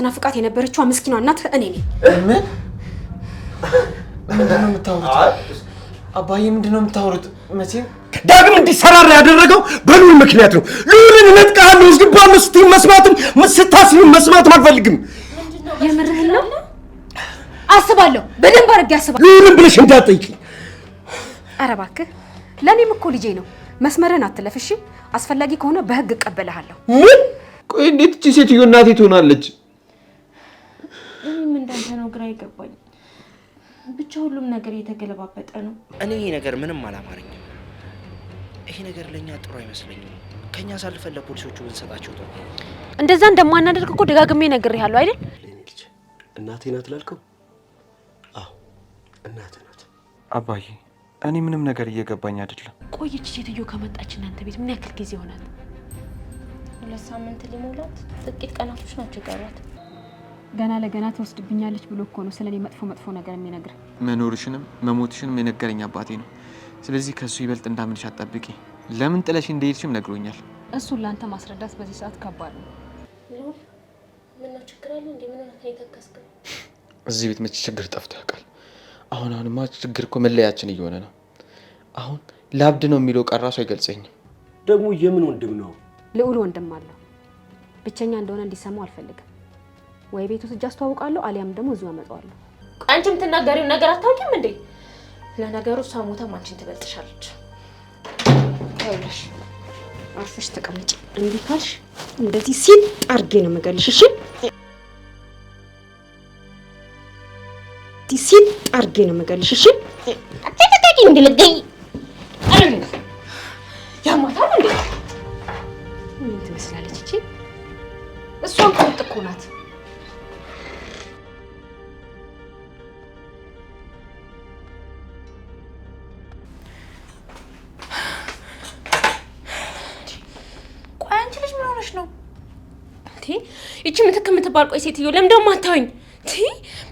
ስትናፍቃት የነበረችዋ ምስኪኗ እናት እኔ ነኝ። ምን ምንድን ነው የምታወሩት? አባዬ ምንድን ነው የምታወሩት? መቼም ዳግም እንዲሰራራ ያደረገው በሉል ምክንያት ነው። ሉልን እነጥቃለሁ እስግባለሁ ስትይ መስማትም ስታስቢ መስማትም አልፈልግም። የምርህን ነው? አስባለሁ፣ በደንብ አድርጌ አስባለሁ። ሉልን ብለሽ እንዳትጠይቂኝ። ኧረ እባክህ ለእኔም እኮ ልጄ ነው። መስመርህን አትለፍሽ። አስፈላጊ ከሆነ በህግ እቀበልሃለሁ። ምን? ቆይ እንዴት እቺ ሴትዮ እናቴ ትሆናለች? እንዳንተ ነው ግራ ይገባኝ። ብቻ ሁሉም ነገር እየተገለባበጠ ነው። እኔ ይሄ ነገር ምንም አላማረኝም። ይሄ ነገር ለእኛ ጥሩ አይመስለኝም። ከእኛ አሳልፈን ለፖሊሶቹ ብንሰጣቸው ጥሩ። እንደዛ እንደማናደርግ እኮ ደጋግሜ ነግሬሃለሁ አይደል? እናቴ ናት ላልከው፣ አዎ እናቴ ናት። አባዬ እኔ ምንም ነገር እየገባኝ አይደለም። ቆየች ሴትዮ ከመጣች እናንተ ቤት ምን ያክል ጊዜ ይሆናል? ሁለት ሳምንት ሊሞላት ጥቂት ቀናቶች ናቸው ይቀሯት። ገና ለገና ትወስድብኛለች ብሎ እኮ ነው ስለኔ መጥፎ መጥፎ ነገር የሚነግር። መኖርሽንም መሞትሽንም የነገረኝ አባቴ ነው። ስለዚህ ከእሱ ይበልጥ እንዳምንሽ አትጠብቂ። ለምን ጥለሽ እንደሄድሽም ነግሮኛል። እሱን ለአንተ ማስረዳት በዚህ ሰዓት ከባድ ነው። እዚህ ቤት መቼ ችግር ጠፍቶ ያውቃል? አሁን አሁንማ ችግር እኮ መለያችን እየሆነ ነው። አሁን ለአብድ ነው የሚለው ቃል ራሱ አይገልጸኝም። ደግሞ የምን ወንድም ነው? ልዑል ወንድም አለው። ብቸኛ እንደሆነ እንዲሰማው አልፈልግም። ወይ ቤቱ ስጅ አስተዋውቃለሁ አሊያም ደግሞ እዚሁ አመጣዋለሁ። አንቺ የምትናገሪውን ነገር አታውቂም እንዴ? ለነገሩ እሷ ሞተም አንቺን ትበልጥሻለች። ይኸውልሽ አርፈሽ ተቀመጪ። እምቢ ካልሽ እንደዚህ ሲል ጣርጌ ነው የምገልሽ። እሺ ሲል ጣርጌ ነው የምገልሽ። እሺ አትጠቂ እንዲልገኝ ምትክ የምትባል ቆይ ሴትዮ ለምን ደሞ አታወኝ?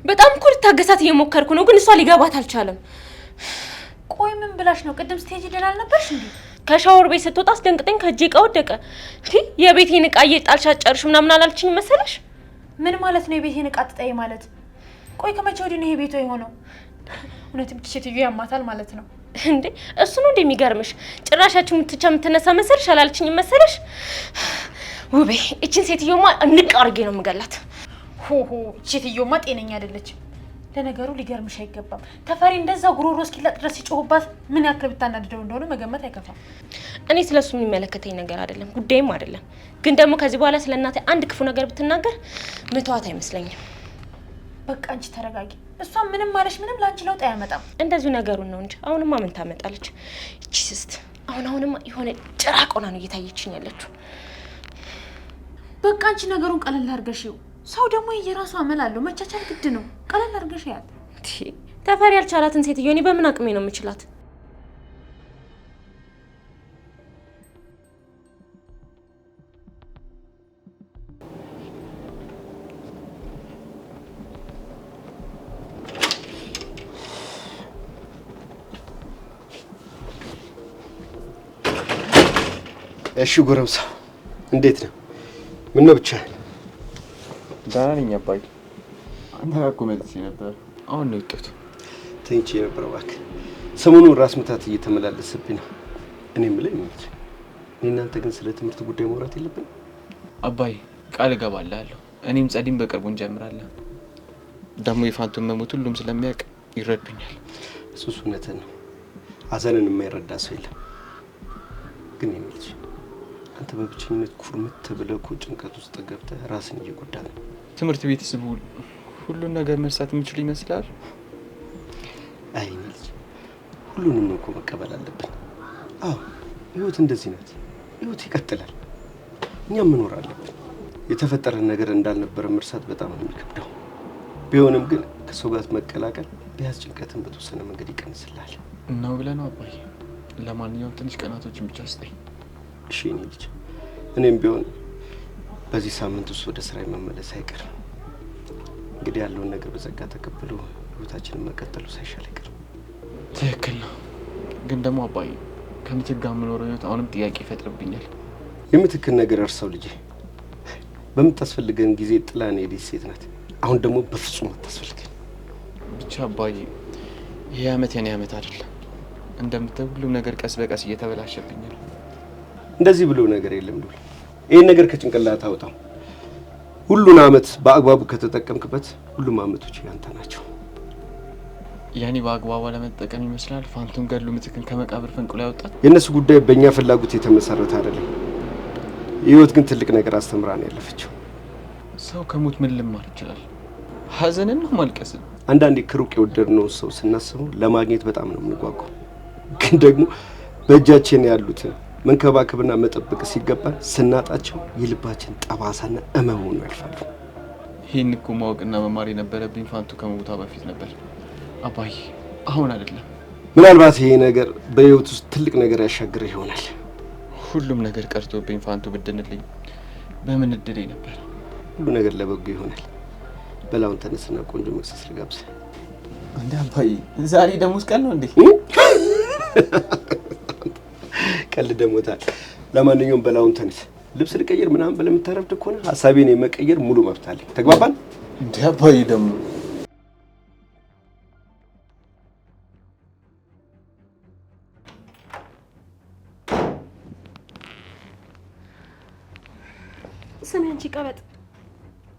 በጣም እኮ ልታገሳት እየሞከርኩ ነው፣ ግን እሷ ሊገባት አልቻለም። ቆይ ምን ብላሽ ነው? ቅድም ስትሄጂ ደህና አልነበርሽ እንዴ? ከሻወር ቤት ስትወጣ አስደንግጠኝ፣ ከእጄ እቃ ወደቀ። የቤቴን እቃ እየጣልሽ አትጨርሽ ምናምን አላልችኝ መሰለሽ? ምን ማለት ነው? የቤቴን እቃ ትጠይ ማለት? ቆይ ከመቼ ወዲህ ነው ይሄ ቤቷ የሆነው? እውነትም ሴትዮ ያማታል ማለት ነው እንዴ? እሱ ነው እንደሚገርምሽ። ጭራሻችሁ ምትቻ የምትነሳ መሰለሽ? አላልችኝ መሰለሽ? ውቤ እችን ሴትዮማ እንቅ አድርጌ ነው የምገላት። ሆሆ ሴትዮማ ጤነኛ አይደለችም። ለነገሩ ሊገርምሽ አይገባም። ተፈሪ እንደዛ ጉሮሮ እስኪላጥ ድረስ ሲጮሁባት ምን ያክል ብታናድደው እንደሆነ መገመት አይከፋም። እኔ ስለሱ የሚመለከተኝ ነገር አይደለም፣ ጉዳይም አይደለም። ግን ደግሞ ከዚህ በኋላ ስለ እናቴ አንድ ክፉ ነገር ብትናገር ምተዋት አይመስለኝም። በቃ አንቺ ተረጋጊ። እሷ ምንም ማለሽ ምንም ለአንቺ ለውጥ አያመጣም። እንደዚሁ ነገሩን ነው እንጂ አሁንማ ምን ታመጣለች? ቺስስት አሁን አሁንማ የሆነ ጭራቅ ሆና ነው እየታየችኝ ያለችው። በቃ አንቺ ነገሩን ቀለል አድርገሽው። ሰው ደግሞ የራሱ አመል አለው። መቻቻል ግድ ነው። ቀለል አድርገሽ ያል። ተፈሪ ያልቻላትን ሴትዮ እኔ በምን አቅሜ ነው የምችላት? እሺ ጎረምሳ፣ እንዴት ነው? ምን ነው ብቻህን? ደህና ነኝ አባዬ። አንተ ጋር እኮ መጥቼ ነበር። አሁን ነው የወጣሁት። ተኝቼ ነበር እባክህ። ሰሞኑን ራስ ምታት እየተመላለሰብኝ ነው። እኔ የምልህ ይመች፣ እናንተ ግን ስለ ትምህርት ጉዳይ ማውራት የለብን? አባዬ ቃል እገባልሃለሁ። እኔም ጸዲም በቅርቡ እንጀምራለን። ደግሞ የፋንቱን መሞት ሁሉም ስለሚያውቅ ይረዱኛል። እሱስ እውነትህን ነው። ሀዘንን የማይረዳ ሰው የለም። ግን ይመች አንተ በብቸኝነት ኩርምት ብለህ እኮ ጭንቀት ውስጥ ገብተህ ራስን እየጎዳ ነው። ትምህርት ቤትስ ሁሉን ነገር መርሳት የምችል ይመስላል? አይ ልጅ ሁሉንም እኮ መቀበል አለብን። አዎ ህይወት እንደዚህ ናት። ህይወት ይቀጥላል። እኛም መኖር አለብን። የተፈጠረ ነገር እንዳልነበረ መርሳት በጣም ነው የሚከብደው። ቢሆንም ግን ከሰው ጋር መቀላቀል ቢያዝ ጭንቀትን በተወሰነ መንገድ ይቀንስላል። እናው ብለህ ነው አባዬ። ለማንኛውም ትንሽ ቀናቶችን ብቻ ስጠኝ። እሺ የኔ ልጅ፣ እኔም ቢሆን በዚህ ሳምንት ውስጥ ወደ ስራ መመለስ አይቀርም። እንግዲህ ያለውን ነገር በጸጋ ተቀብሎ ህይወታችንን መቀጠሉ ሳይሻል አይቀርም። ትክክል ነው። ግን ደግሞ አባዬ ከምትክ ጋር የምኖረው ህይወት አሁንም ጥያቄ ይፈጥርብኛል። የምትክን ነገር እርሰው ልጄ። በምታስፈልገን ጊዜ ጥላን የሄደች ሴት ናት። አሁን ደግሞ በፍጹም አታስፈልገን። ብቻ አባዬ ይህ አመት የኔ አመት አይደለም። እንደምታየው ሁሉም ነገር ቀስ በቀስ እየተበላሸብኛል። እንደዚህ ብሎ ነገር የለም። ዱል ይህን ነገር ከጭንቅላት አውጣው። ሁሉን አመት በአግባቡ ከተጠቀምክበት ሁሉም አመቶች ያንተ ናቸው። ያኔ በአግባቡ አለመጠቀም ይመስላል ፋንቱን ገድሉ ምትክን ከመቃብር ፈንቅሎ ያወጣት። የእነሱ ጉዳይ በእኛ ፍላጎት የተመሰረተ አይደለም። ህይወት ግን ትልቅ ነገር አስተምራ ነው ያለፈችው። ሰው ከሞት ምን ልማር ይችላል? ሀዘንን ነው ማልቀስን። አንዳንዴ ክሩቅ የወደድነውን ሰው ስናስበው ለማግኘት በጣም ነው የምንጓጓው፣ ግን ደግሞ በእጃችን ያሉትን መንከባከብና መጠበቅ ሲገባን ስናጣቸው የልባችን ጠባሳና እመም ሆኖ ያልፋሉ። ይህን እኮ ማወቅና መማር የነበረብኝ ፋንቱ ከመሞቷ በፊት ነበር አባይ አሁን አይደለም። ምናልባት ይሄ ነገር በህይወት ውስጥ ትልቅ ነገር ያሻግር ይሆናል። ሁሉም ነገር ቀርቶብኝ ፋንቱ ብድንልኝ በምን እድል ነበር። ሁሉ ነገር ለበጎ ይሆናል። በላውን ተነስና ቆንጆ መክሰስ ልጋብዝህ። እንዲ አባይ፣ ዛሬ ደሞዝ ቀን ነው እንዴ? ቀልድ ደሞታል። ለማንኛውም በላውን ተንስ ልብስ ልቀይር ምናምን ብለህ የምታረፍድ ከሆነ ሀሳቤን የመቀየር ሙሉ መብት አለኝ። ተግባባን? ደባይ ደግሞ ስሚ አንቺ ቀበጥ፣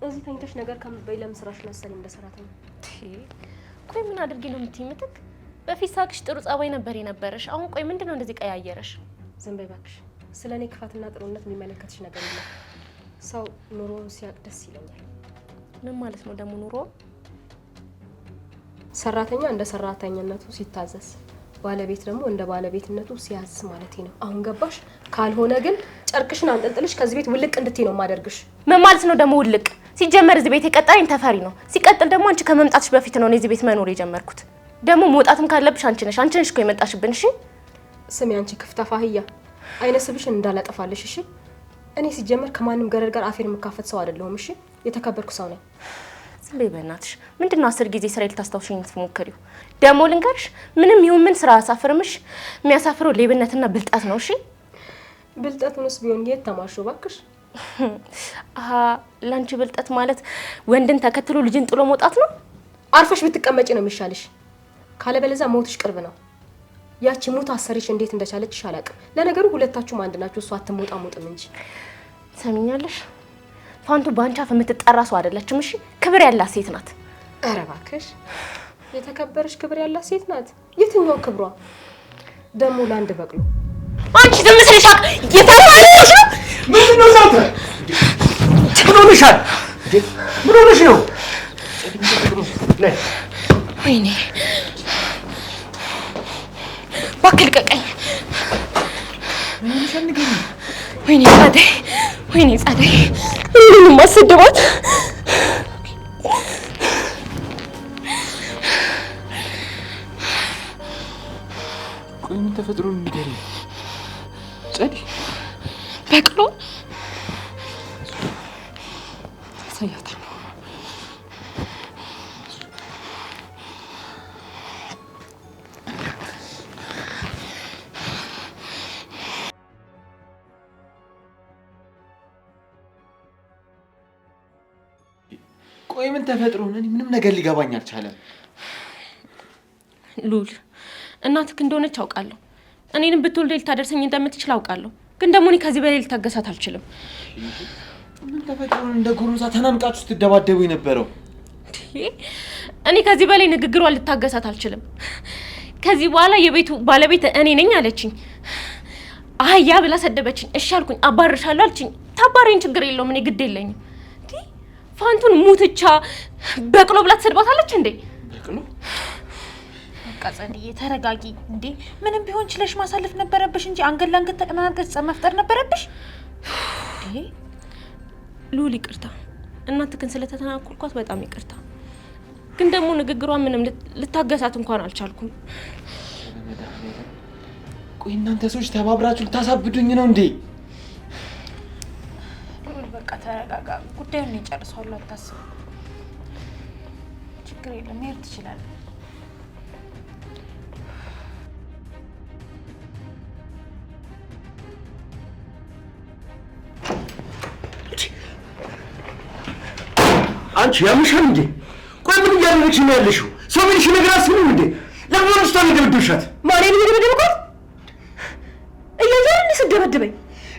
እዚህ ተኝተሽ ነገር ከምትበይ ለምን ስራሽ መሰል እንደ ሰራተኛ ቆይ ምን አድርጌ ነው የምትይኝ? ምትክ በፊት ሳቅሽ ጥሩ ጸባይ ነበር የነበረሽ። አሁን ቆይ ምንድን ነው እንደዚህ ቀያየረሽ? ዝም እባክሽ። ስለ እኔ ክፋትና ጥሩነት የሚመለከትሽ ነገር የለም። ሰው ኑሮውን ሲያቅ ደስ ይለኛል። ምን ማለት ነው ደግሞ ኑሮ? ሰራተኛ እንደ ሰራተኝነቱ ሲታዘዝ፣ ባለቤት ደግሞ እንደ ባለቤትነቱ ሲያዝ ማለት ነው። አሁን ገባሽ? ካልሆነ ግን ጨርቅሽን አንጠልጥልሽ ከዚህ ቤት ውልቅ እንድትይ ነው የማደርግሽ። ምን ማለት ነው ደግሞ ውልቅ? ሲጀመር እዚህ ቤት የቀጠረኝ ተፈሪ ነው። ሲቀጥል ደግሞ አንቺ ከመምጣትሽ በፊት ነው እኔ እዚህ ቤት መኖር የጀመርኩት። ደግሞ መውጣትም ካለብሽ አንቺ ነሽ አንቺ ነሽ እኮ የመጣሽብን። እሺ ስም አንቺ ክፍታፍ አህያ አይነ ስብሽን እንዳላጠፋለሽ እሺ። እኔ ሲጀመር ከማንም ገረድ ጋር አፌር የምካፈት ሰው አይደለሁም። እሺ የተከበርኩ ሰው ነኝ። ዝም በእናትሽ። ምንድን ነው አስር ጊዜ ስራ ልታስታውሽኝ የምትሞክሪው? ደግሞ ልንገርሽ፣ ምንም ይሁን ምን ስራ አያሳፍርምሽ። የሚያሳፍረው ሌብነትና ብልጠት ነው። እሺ ብልጠቱንስ ቢሆን የት ተማርሽው እባክሽ? ለአንቺ ብልጠት ማለት ወንድን ተከትሎ ልጅን ጥሎ መውጣት ነው። አርፈሽ ብትቀመጪ ነው የሚሻልሽ፣ ካለበለዚያ ሞትሽ ቅርብ ነው። ያቺ ሙት አሰሪሽ እንዴት እንደቻለች አላውቅም። ለነገሩ ሁለታችሁም አንድ ናችሁ። እሷ አትሞጣሞጥም እንጂ ሰሚኛለሽ፣ ፋንቱ በአንቺ አፍ የምትጠራ ሰው አይደለችም። እሺ ክብር ያላት ሴት ናት። ኧረ እባክሽ የተከበረች ክብር ያላት ሴት ናት። የትኛው ክብሯ ደግሞ ለአንድ በቅሎ አንቺ ዝም ስልሽ የታሳለሽ ነው። ምን ነው ዛት ምን ሆነሻል? ምን ሆነሽ ነው? ወይኔ እባክህ ልቀቀኝ። ወይኔ ፀደይ፣ ወይኔ ፀደይ፣ ምንም አሰደባት። ቆይ ምን ተፈጥሮ ንገሪ። ፀደይ በቅሎ ያሳያታል ተፈጥሮ ነን። ምንም ነገር ሊገባኝ አልቻለም። ሉል እናትህ እንደሆነች አውቃለሁ። እኔንም ብትወልደ ልታደርሰኝ እንደምትችል አውቃለሁ። ግን ደግሞ እኔ ከዚህ በላይ ልታገሳት አልችልም። ምን ተፈጥሮ እንደ ጉሩዛ ተናንቃችሁ ስትደባደቡ የነበረው? እኔ ከዚህ በላይ ንግግሯን ልታገሳት አልችልም። ከዚህ በኋላ የቤቱ ባለቤት እኔ ነኝ አለችኝ። አህያ ብላ ሰደበችኝ። እሺ አልኩኝ። አባርሻለሁ አልችኝ። ታባሪን ችግር የለውም እኔ ግድ የለኝም ፋንቱን ሙትቻ በቅሎ ብላ ትሰድባታለች እንዴ? በቅሎ በቃ ጸድዬ ተረጋጊ። እንዴ ምንም ቢሆን ችለሽ ማሳለፍ ነበረብሽ እንጂ አንገት ለአንገት ተቀናናገት ጸብ መፍጠር ነበረብሽ። ሉል ይቅርታ፣ እናትህን ስለተተናኮልኳት በጣም ይቅርታ። ግን ደግሞ ንግግሯ ምንም ልታገሳት እንኳን አልቻልኩም። ቆይ እናንተ ሰዎች ተባብራችሁ ልታሳብዱኝ ነው እንዴ? በቃ ተረጋጋ። ጉዳዩን ይጨርሰዋል፣ አታስብ። ችግር የለም፣ መሄድ ትችላለህ። አንቺ ያምሻል እንዴ? ቆይ ምን እያደረግሽ ነው ያለሽው? ሰው ምንሽ ነገር አስብም እንዴ? ለምን ስታ ነገርድብሻት? ማሬን እየደበደብኳት እያየር እንዲስደበድበኝ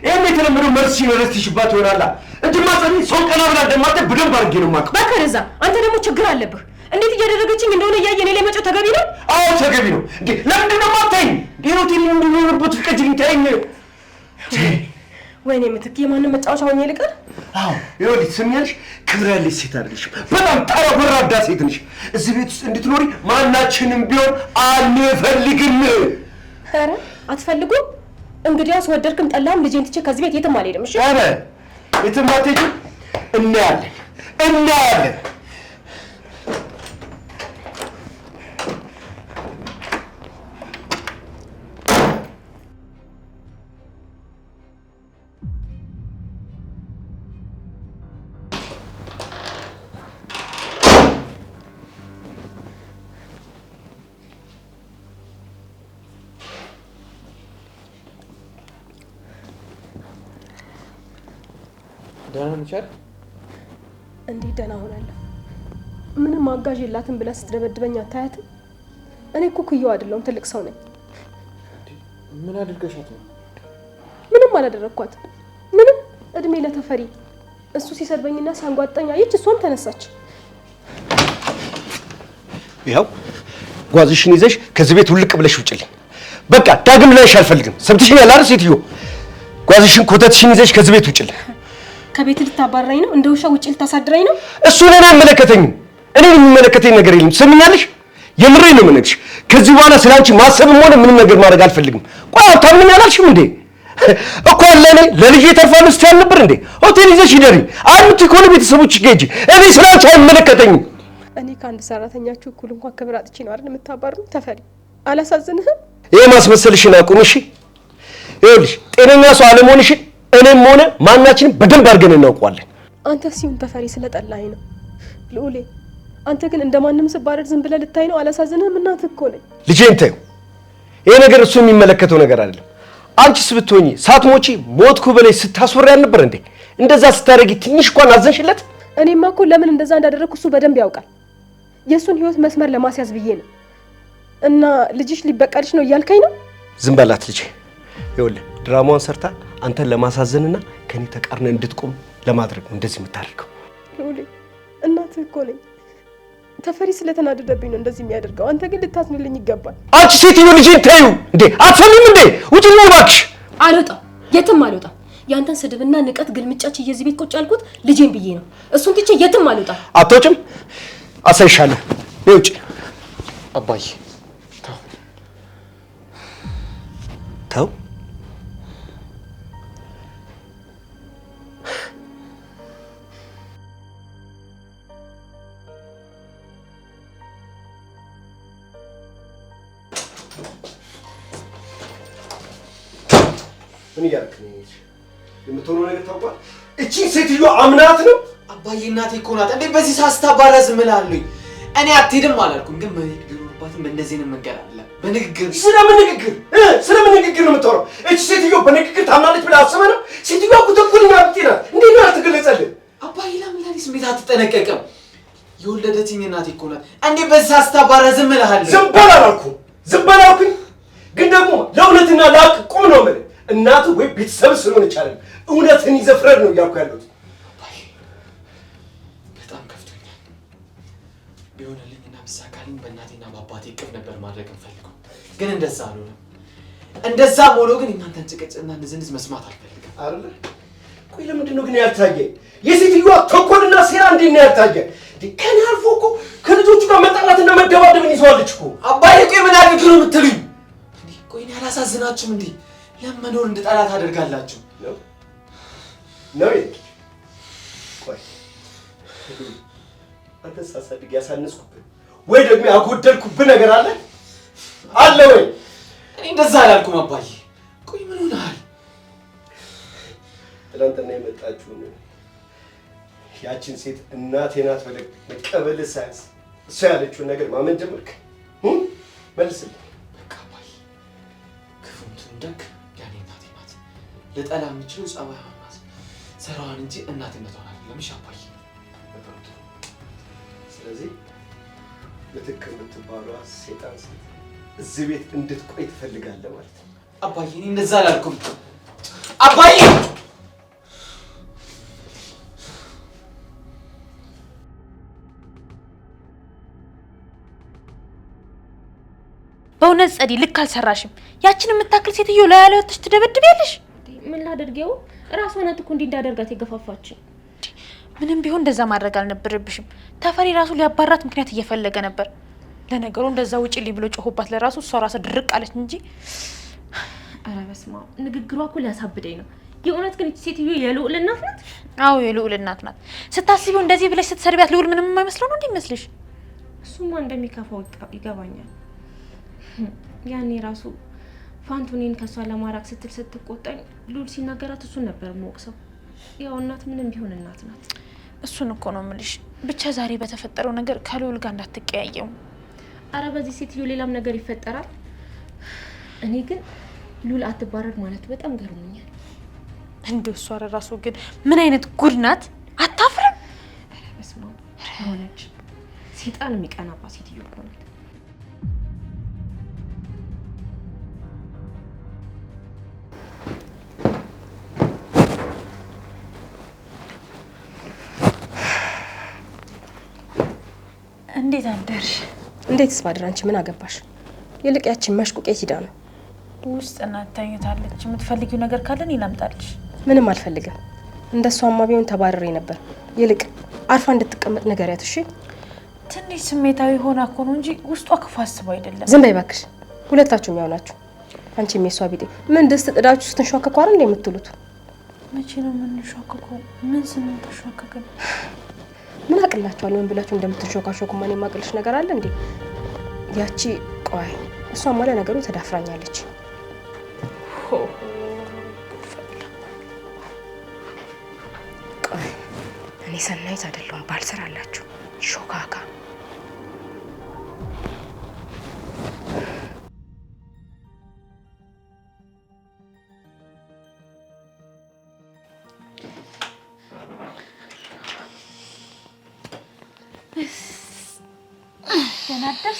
ይህን የተለመደው መርስ ሲኖረስትሽባት ይሆናላ እጅማ ሰው ቀና ብላ እንደማታ በደንብ አድርጌ ነው የማውቀው። እባክህ አንተ ደግሞ ችግር አለብህ። እንዴት እያደረገችኝ እንደሆነ እያየ እኔ ላይ መጮህ ተገቢ ነው? አዎ ተገቢ ነው። እንዴ ለምንድን ነው የማታይኝ? ሆቴል እንደሆነበት ፍቀጅልኝ፣ ታይኝ። ወይኔ ምትክ የማንም መጫወቻ ሆኜ ልቀር? አዎ ይኸውልሽ፣ ትሰሚያለሽ፣ ክብር ያለሽ ሴት አይደለሽ፣ በጣም ጠራ ሴት ነሽ። እዚህ ቤት ውስጥ እንድትኖሪ ማናችንም ቢሆን አንፈልግም። ኧረ አትፈልጉም? እንግዲያውስ ወደድክም ጠላም ልጄን ትቼ ከዚህ ቤት የትም አልሄድም። እሺ? ኧረ የትም አትሄጂም። እናያለን እናያለን ደህና ነሽ እንዴት ደህና ሆናለሁ? ምንም አጋዥ የላትም ብለህ ስትደበድበኝ አታያትም? እኔ እኮ ኩየው አይደለሁም ትልቅ ሰው ነኝ። ምን አድርገሻት ነው? ምንም አላደረግኳት። ምንም እድሜ ለተፈሪ እሱ ሲሰድበኝና ሲያንጓጠኝ አየች፣ እሷም ተነሳች። ይኸው ጓዝሽን ይዘሽ ከዚህ ቤት ውልቅ ብለሽ ውጭልኝ። በቃ ዳግም ላይሽ አልፈልግም። ሰምተሽኛል አይደል? ሴትዮ ጓዝሽን ኮተትሽን ይዘሽ ከዚህ ቤት ውጭልኝ። ከቤት ልታባራኝ ነው? እንደ ውሻ ውጭ ልታሳድረኝ ነው? እሱ ለኔ አይመለከተኝም። እኔ የሚመለከተኝ ነገር የለም። ትሰምኛለሽ? የምሬ ነው የምነግርሽ። ከዚህ በኋላ ስላንቺ ማሰብም ሆነ ምንም ነገር ማድረግ አልፈልግም። ቆይ ሀብታም ምን እንዴ? እኮ ለኔ ለልጅ ተርፋል ውስጥ ያልነበር እንዴ? ሆቴል ይዘሽ ይደሪ አንቺ ከሆነ ቤተሰቦች ገጅ። እኔ ስላንቺ አይመለከተኝም። እኔ ከአንድ ሰራተኛችሁ እኩል እንኳን ክብር አጥቼ ነው አይደል የምታባሩ? ተፈሪ አላሳዝንህም? ይሄ ማስመሰልሽን አቁም እሺ። ይኸውልሽ ጤነኛ ሰው አለመሆንሽን እኔም ሆነ ማናችንም በደንብ አድርገን እናውቀዋለን። አንተ ሲሆን ተፈሪ ስለጠላኝ ነው ልዑሌ። አንተ ግን እንደማንም ስባረር ዝም ብለህ ልታይ ነው። አላሳዝንህም? እናትህ እኮ ነኝ። ልጄን ተይው። ይሄ ነገር እሱ የሚመለከተው ነገር አይደለም። አንቺስ ብትሆኚ ሳትሞቺ ሞትኩ ብለሽ ስታስወሪ አልነበር እንዴ? እንደዛ ስታደርጊ ትንሽ እንኳን አዘንሽለት? እኔማ እኮ ለምን እንደዛ እንዳደረግኩ እሱ በደንብ ያውቃል። የእሱን ህይወት መስመር ለማስያዝ ብዬ ነው። እና ልጅሽ ሊበቀልሽ ነው እያልከኝ ነው? ዝም በላት ልጄ። ይኸውልህ ሰርታ አንተን ለማሳዘንና ከኔ ተቃርነ እንድትቆም ለማድረግ ነው እንደዚህ የምታደርገው። ሉሊ እናትህ እኮ ነኝ። ተፈሪ ስለተናደደብኝ ነው እንደዚህ የሚያደርገው። አንተ ግን ልታዝንልኝ ይገባል። አንቺ ሴትዮ ልጄን ተይው እንዴ! አትሰሚም እንዴ? ውጭ ነው እባክሽ። አልወጣም፣ የትም አልወጣም። ያንተን ስድብና ንቀት ግልምጫች እየዚህ ቤት ቁጭ ያልኩት ልጄን ብዬ ነው። እሱን ትቼ የትም አልወጣም። አትወጭም? አሳይሻለሁ። የውጭ አባዬ ተው ምን እያደረክ ነው? የምትሆነው ነገር ታውቋል። እቺን ሴትዮ አምናት ነው አባዬ እናቴ እኮ ናት። እንዴ በዚህ ሳስታባራ ዝም እላለሁኝ? እኔ አትሄድም አላልኩም፣ ግን መሄድ ቢኖርባትም እንደዚህን መንገድ አለ። በንግግር ስለምን ንግግር ስለምን ንግግር ነው የምታወራው? እቺ ሴትዮ በንግግር ታምናለች ብለህ አስበህ ነው? ሴትዮ እኮ ተንኮለኛ ብጤ ናት። እንዴት ነው አልተገለጸልህ? አባዬ ለምን ለኔ ስሜት አትጠነቀቅም? የወለደችኝ እናቴ እኮ ናት። እንዴ በዚህ ሳስታባራ ዝም እላለሁ? ዝም በል አላልኩም፣ ዝም በል አልኩኝ። ግን ደግሞ ለእውነትና ለአቅ ቁም ነው የምልህ እናቱ ወይ ቤተሰብ ስለሆነ ይቻላል። እውነትን ይዘፍረድ ነው እያልኩ ያለሁት። በጣም ከፍቶኛል። እና ምሳካልኝ በእናቴና በአባቴ እቅፍ ነበር ማድረግ እንፈልገው፣ ግን እንደዛ አልሆነም። እንደዛ ሆኖ ግን እናንተን ጭቅጭና ንዝንዝ መስማት አልፈልግም። አለ ቆይ፣ ለምንድን ነው ግን ያልታየ? የሴትዮዋ ተንኮልና ሴራ እንዴት ነው ያልታየ? ከኔ አልፎ እኮ ከልጆቹ ጋር መጣላትና መደባደብን ይዘዋለች እኮ። አባዬ ቆይ፣ ምን አድርግ ነው የምትሉኝ? ቆይ እኔ አላሳዝናችሁም እንዴ? ለመኖር እንደ ጠላት አደርጋላችሁ ነው ነው። ቆይ አንተ ሳሳድግ ያሳነስኩብን ወይ ደግሞ ያጎደልኩብን ነገር አለ አለ ወይ? እኔ እንደዛ አላልኩም አባዬ። ቆይ ምን ሆነሃል? ትናንትና የመጣችውን ያችን ሴት እናቴ ናት ብለህ መቀበል ሳያንስ እሷ ያለችውን ነገር ማመን ጀመርክ። መልስልኝ በቃ አባዬ ክፉ እንትን ልጠላ የምችለው ጸባይ ናት፣ ስራዋን እንጂ እናትነቷን አይደለም። እሺ አባዬ። ስለዚህ ምትክ የምትባሏ ሴጣን ሴት እዚህ ቤት እንድትቆይ ትፈልጋለህ ማለት ነው። አባዬ እኔ እንደዛ አላልኩም አባዬ። በእውነት ጸዲ ልክ አልሰራሽም። ያችን የምታክል ሴትዮ ላይ ያለ ወጥተሽ ትደበድቤያለሽ። ስታደርገው ራሷ ናት እኮ እንዲህ እንዳደርጋት የገፋፋችን። ምንም ቢሆን እንደዛ ማድረግ አልነበረብሽም። ተፈሪ ራሱ ሊያባራት ምክንያት እየፈለገ ነበር። ለነገሩ እንደዛ ውጭ ልኝ ብሎ ጮሆባት ለራሱ እሷ ራሷ ድርቅ አለች እንጂ። ኧረ በስመ አብ! ንግግሯ እኮ ሊያሳብደኝ ነው። የእውነት ግን ሴትዮ የልዑል እናት ናት። አዎ የልዑል እናት ናት። ስታስቢው እንደዚህ ብለሽ ስትሰርቢያት ልዑል ምንም የማይመስለው ነው እንዲመስልሽ። እሱማ እንደሚከፋው ይገባኛል። ያኔ ራሱ ፋንቱ ከሷ ከእሷ ለማራቅ ስትል ስትቆጣኝ ሉል ሲናገራት እሱን ነበር የምወቅሰው። ያው እናት ምንም ቢሆን እናት ናት። እሱን እኮ ነው ምልሽ። ብቻ ዛሬ በተፈጠረው ነገር ከሉል ጋር እንዳትቀያየሙ። አረ በዚህ ሴትዮ ሌላም ነገር ይፈጠራል። እኔ ግን ሉል አትባረር ማለት በጣም ገርሞኛል። እንደ እሷ ራሱ ግን ምን አይነት ጉድ ናት! አታፍርም። ሆነች ሴጣን የሚቀናባ ሴትዮ ሆነች። እንዴት አደርሽ? እንዴት ስባድር፣ አንቺ ምን አገባሽ? ይልቅ ያችን መሽቁቄ ሂዳ ነው ውስጥ እናት ተኝታለች። የምትፈልጊው ነገር ካለን ይላምጣልሽ። ምንም አልፈልግም። እንደሷማ ቢሆን ተባረሬ ነበር። ይልቅ አርፋ እንድትቀመጥ ንገሪያት እሺ። ትንሽ ስሜታዊ ሆና እኮ ነው እንጂ ውስጧ ክፉ አስበው አይደለም። ዝም በይ እባክሽ፣ ሁለታችሁም ያው ናችሁ። አንቺ የሷ ቢጤ ምን ድስት ጥዳችሁ ስትንሿከኳር እንደ የምትሉት መቼ ነው የምንሿከከው? ምን ስንንተሿከከ አቅላችኋለሁ። ወይም ብላችሁ እንደምትንሾካሾኩ ማን የማቅልሽ ነገር አለ እንዴ? ያቺ ቆይ እሷ ማለ ነገሩ ተዳፍራኛለች። ቆይ እኔ ሰናይት አይደለሁም ባልሰራላችሁ ሾካካ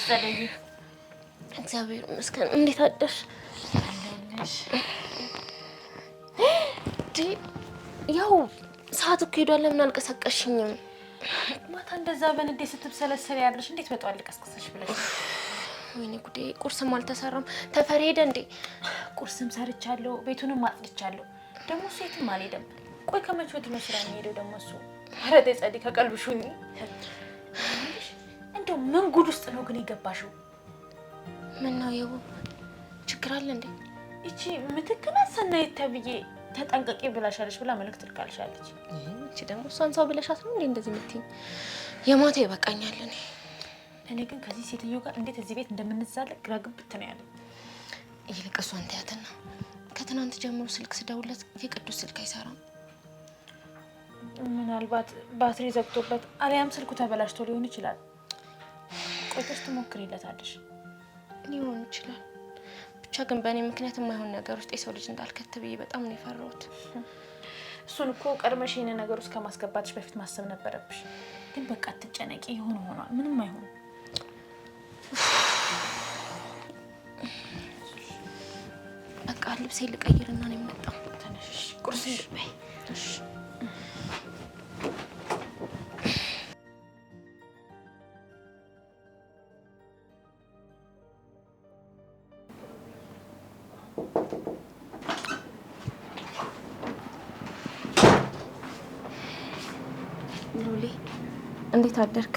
መሰለኝ። እግዚአብሔር ይመስገን። እንዴት አደርሽ? ያው ሰዓት እኮ ሄዷል። ለምን አልቀሰቀሽኝም? ማታ እንደዛ በንዴት ስትብሰለሰል ያድርሽ። እንዴት በጠዋት ልቀስቅሰሽ ብለሽ ወይኔ ጉዴ! ቁርስም አልተሰራም። ተፈሪ ሄደ እንዴ? ቁርስም ሰርቻለሁ፣ ቤቱንም ማጽድቻለሁ። ደግሞ እሱ የትም አልሄደም። ቆይ ከመቼ ወዲህ ነው ስራ የሚሄደው? ደግሞ እሱ ኧረ ተይ ጸዴ፣ ከቀልብሽ ሁኚ እንደው ምን ጉድ ውስጥ ነው ግን የገባሽው? ምን ነው የው ችግር አለ እንዴ? እቺ ምትክና ሰናይት ተብዬ ተጠንቀቂ ብላሻለች ብላ መልእክት ልካልሻለች። እቺ ደግሞ እሷን ሰው ብለሻት ነው እንዴ እንደዚህ የምትይኝ? የማታ ይበቃኛል። እኔ እኔ ግን ከዚህ ሴትዮ ጋር እንዴት እዚህ ቤት እንደምንዛለቅ ግራ ግብት ነው ያለ። ይልቅ እሷን ተያትና ከትናንት ጀምሮ ስልክ ስደውለት የቅዱስ ስልክ አይሰራም። ምናልባት ባትሪ ዘግቶበት አሊያም ስልኩ ተበላሽቶ ሊሆን ይችላል። ቆይተሽ ትሞክሪለታለሽ። ሊሆን ይችላል። ብቻ ግን በእኔ ምክንያት የማይሆን ነገር ውስጥ የሰው ልጅ እንዳልከት ብዬ በጣም ነው የፈራሁት። እሱን እኮ ቀድመሽ ይህን ነገር ውስጥ ከማስገባትሽ በፊት ማሰብ ነበረብሽ። ግን በቃ ትጨነቂ፣ የሆነ ሆኗል፣ ምንም አይሆን። በቃ ልብሴ ልቀይርና ነው የመጣው። ተነሽ ቁርስ እንዴት አደርክ?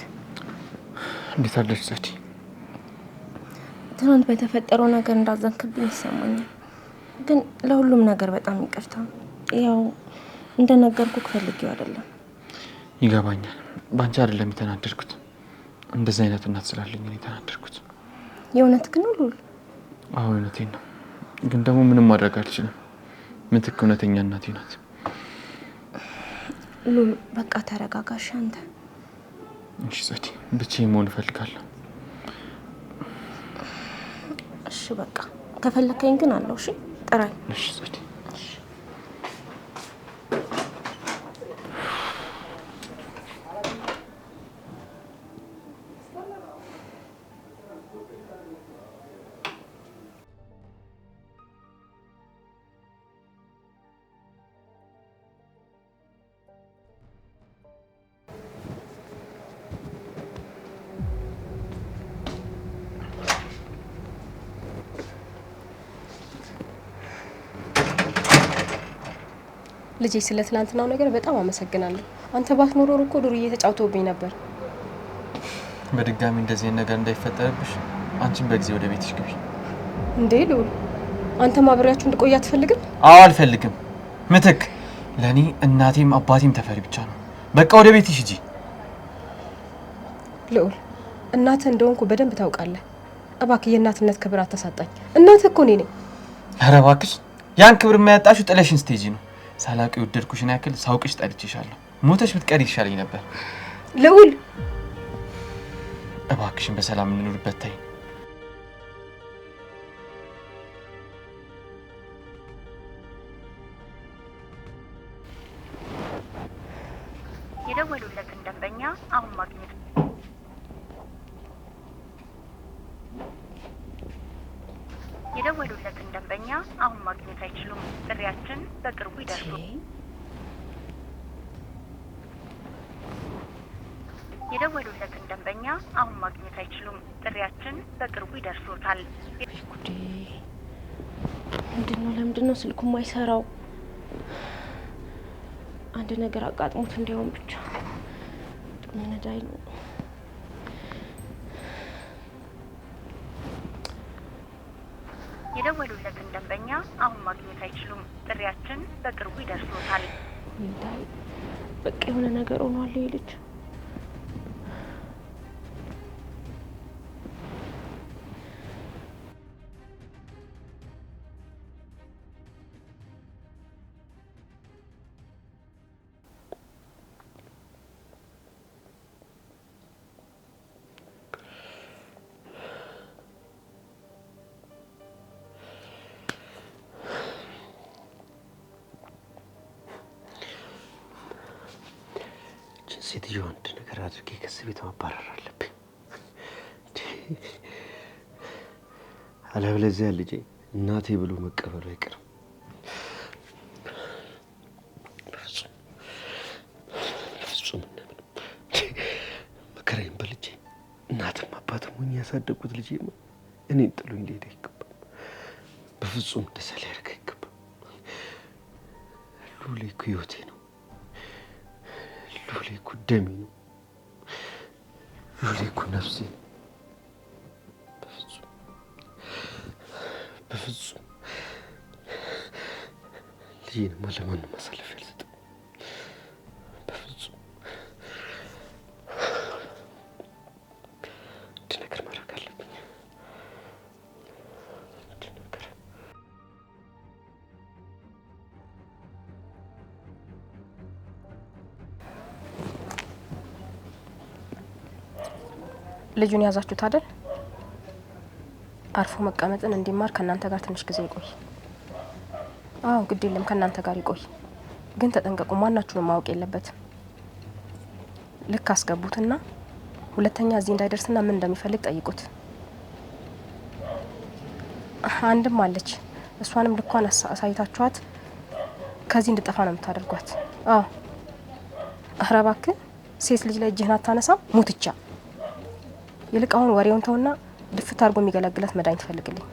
እንዴት አደርሽ ጸዲ? ትናንት በተፈጠረው ነገር እንዳዘንክብኝ ይሰማኛል። ግን ለሁሉም ነገር በጣም ይቅርታ። ያው እንደነገርኩህ ፈልጌው አይደለም። ይገባኛል። በአንቺ አይደለም የተናደድኩት፣ እንደዚህ አይነት እናት ስላለኝ ነው የተናደድኩት። የእውነት ግን ሁሉ አዎ፣ እውነቴን ነው። ግን ደግሞ ምንም ማድረግ አልችልም። ምትክ እውነተኛ እናቴ ናት። ሉል በቃ ተረጋጋሽ አንተ እሺ ጸዲ፣ ብቻዬን መሆን እፈልጋለሁ። እሺ በቃ ከፈለከኝ ግን አለው። እሺ ጥራኝ። እሺ ጸዲ ልጄ ስለ ነገር በጣም አመሰግናለሁ። አንተ ባት ኖሮ እኮ ዱርዬ ተጫውቶብኝ ነበር። በድጋሚ እንደዚህ ነገር እንዳይፈጠርብሽ አንቺን በጊዜ ወደ ቤትሽ ግቢ። እንዴ ልዑል፣ አንተ ማብሪያችሁ እንድቆይ አትፈልግም? አዎ አልፈልግም። ምትክ ለእኔ እናቴም አባቴም ተፈሪ ብቻ ነው። በቃ ወደ ቤትሽ ሂጂ። ልዑል፣ እናትህ እንደሆንኩ በደንብ ታውቃለህ። እባክህ የእናትነት ክብር አታሳጣኝ። እናትህ እኮ እኔ ነኝ። ኧረ እባክሽ ያን ክብር የማያጣሽው ጥለሽን ስቴጂ ነው ሳላውቅ የወደድኩሽን ያክል ሳውቅሽ ጠልቼሻለሁ። ሞተሽ ብትቀሪ ይሻለኝ ነበር። ልዑል እባክሽን በሰላም እንኑርበት ታይ የሚሰራው አንድ ነገር አጋጥሞት እንዲያውም ብቻ ነዳይ ነው። የደወሉለትን ደንበኛ አሁን ማግኘት አይችሉም። ጥሪያችን በቅርቡ ይደርሶታል። በቃ የሆነ ነገር ሆኗል ልጅ ሴትዮ አንድ ነገር አድርጌ ከዚህ ቤት ማባረር አለብኝ። አለበለዚያ ልጄ እናቴ ብሎ መቀበሉ አይቀርም። ያሳደቁት ልጅ እናትም አባትም ሆኜ ያሳደጉት እኔን ጥሎኝ ሊሄድ አይገባም። በፍጹም ደሰ ሊያደርግ አይገባም። ሉሌ እኮ ህይወቴ ሉሌ እኮ ደሜ ነው። ሉሌ እኮ ነፍሴ ነው። በፍጹም በፍጹም ልጄንማ ለማንም አሳልፌ አልሰጥም። በፍጹም ልጁን ያዛችሁት አይደል? አርፎ መቀመጥን እንዲማር ከእናንተ ጋር ትንሽ ጊዜ ይቆይ። አዎ ግድ የለም ከእናንተ ጋር ይቆይ፣ ግን ተጠንቀቁ። ማናችሁንም ማወቅ የለበትም። ልክ አስገቡትና ሁለተኛ እዚህ እንዳይደርስና ምን እንደሚፈልግ ጠይቁት። አንድም አለች፣ እሷንም ልኳን አሳይታችኋት ከዚህ እንድጠፋ ነው የምታደርጓት። አዎ አህረባክ ሴት ልጅ ላይ እጅህን አታነሳም ሙትቻ ይልቅ አሁን ወሬውን ተውና ድፍት አድርጎ የሚገላግላት መድኃኒት ፈልግልኝ።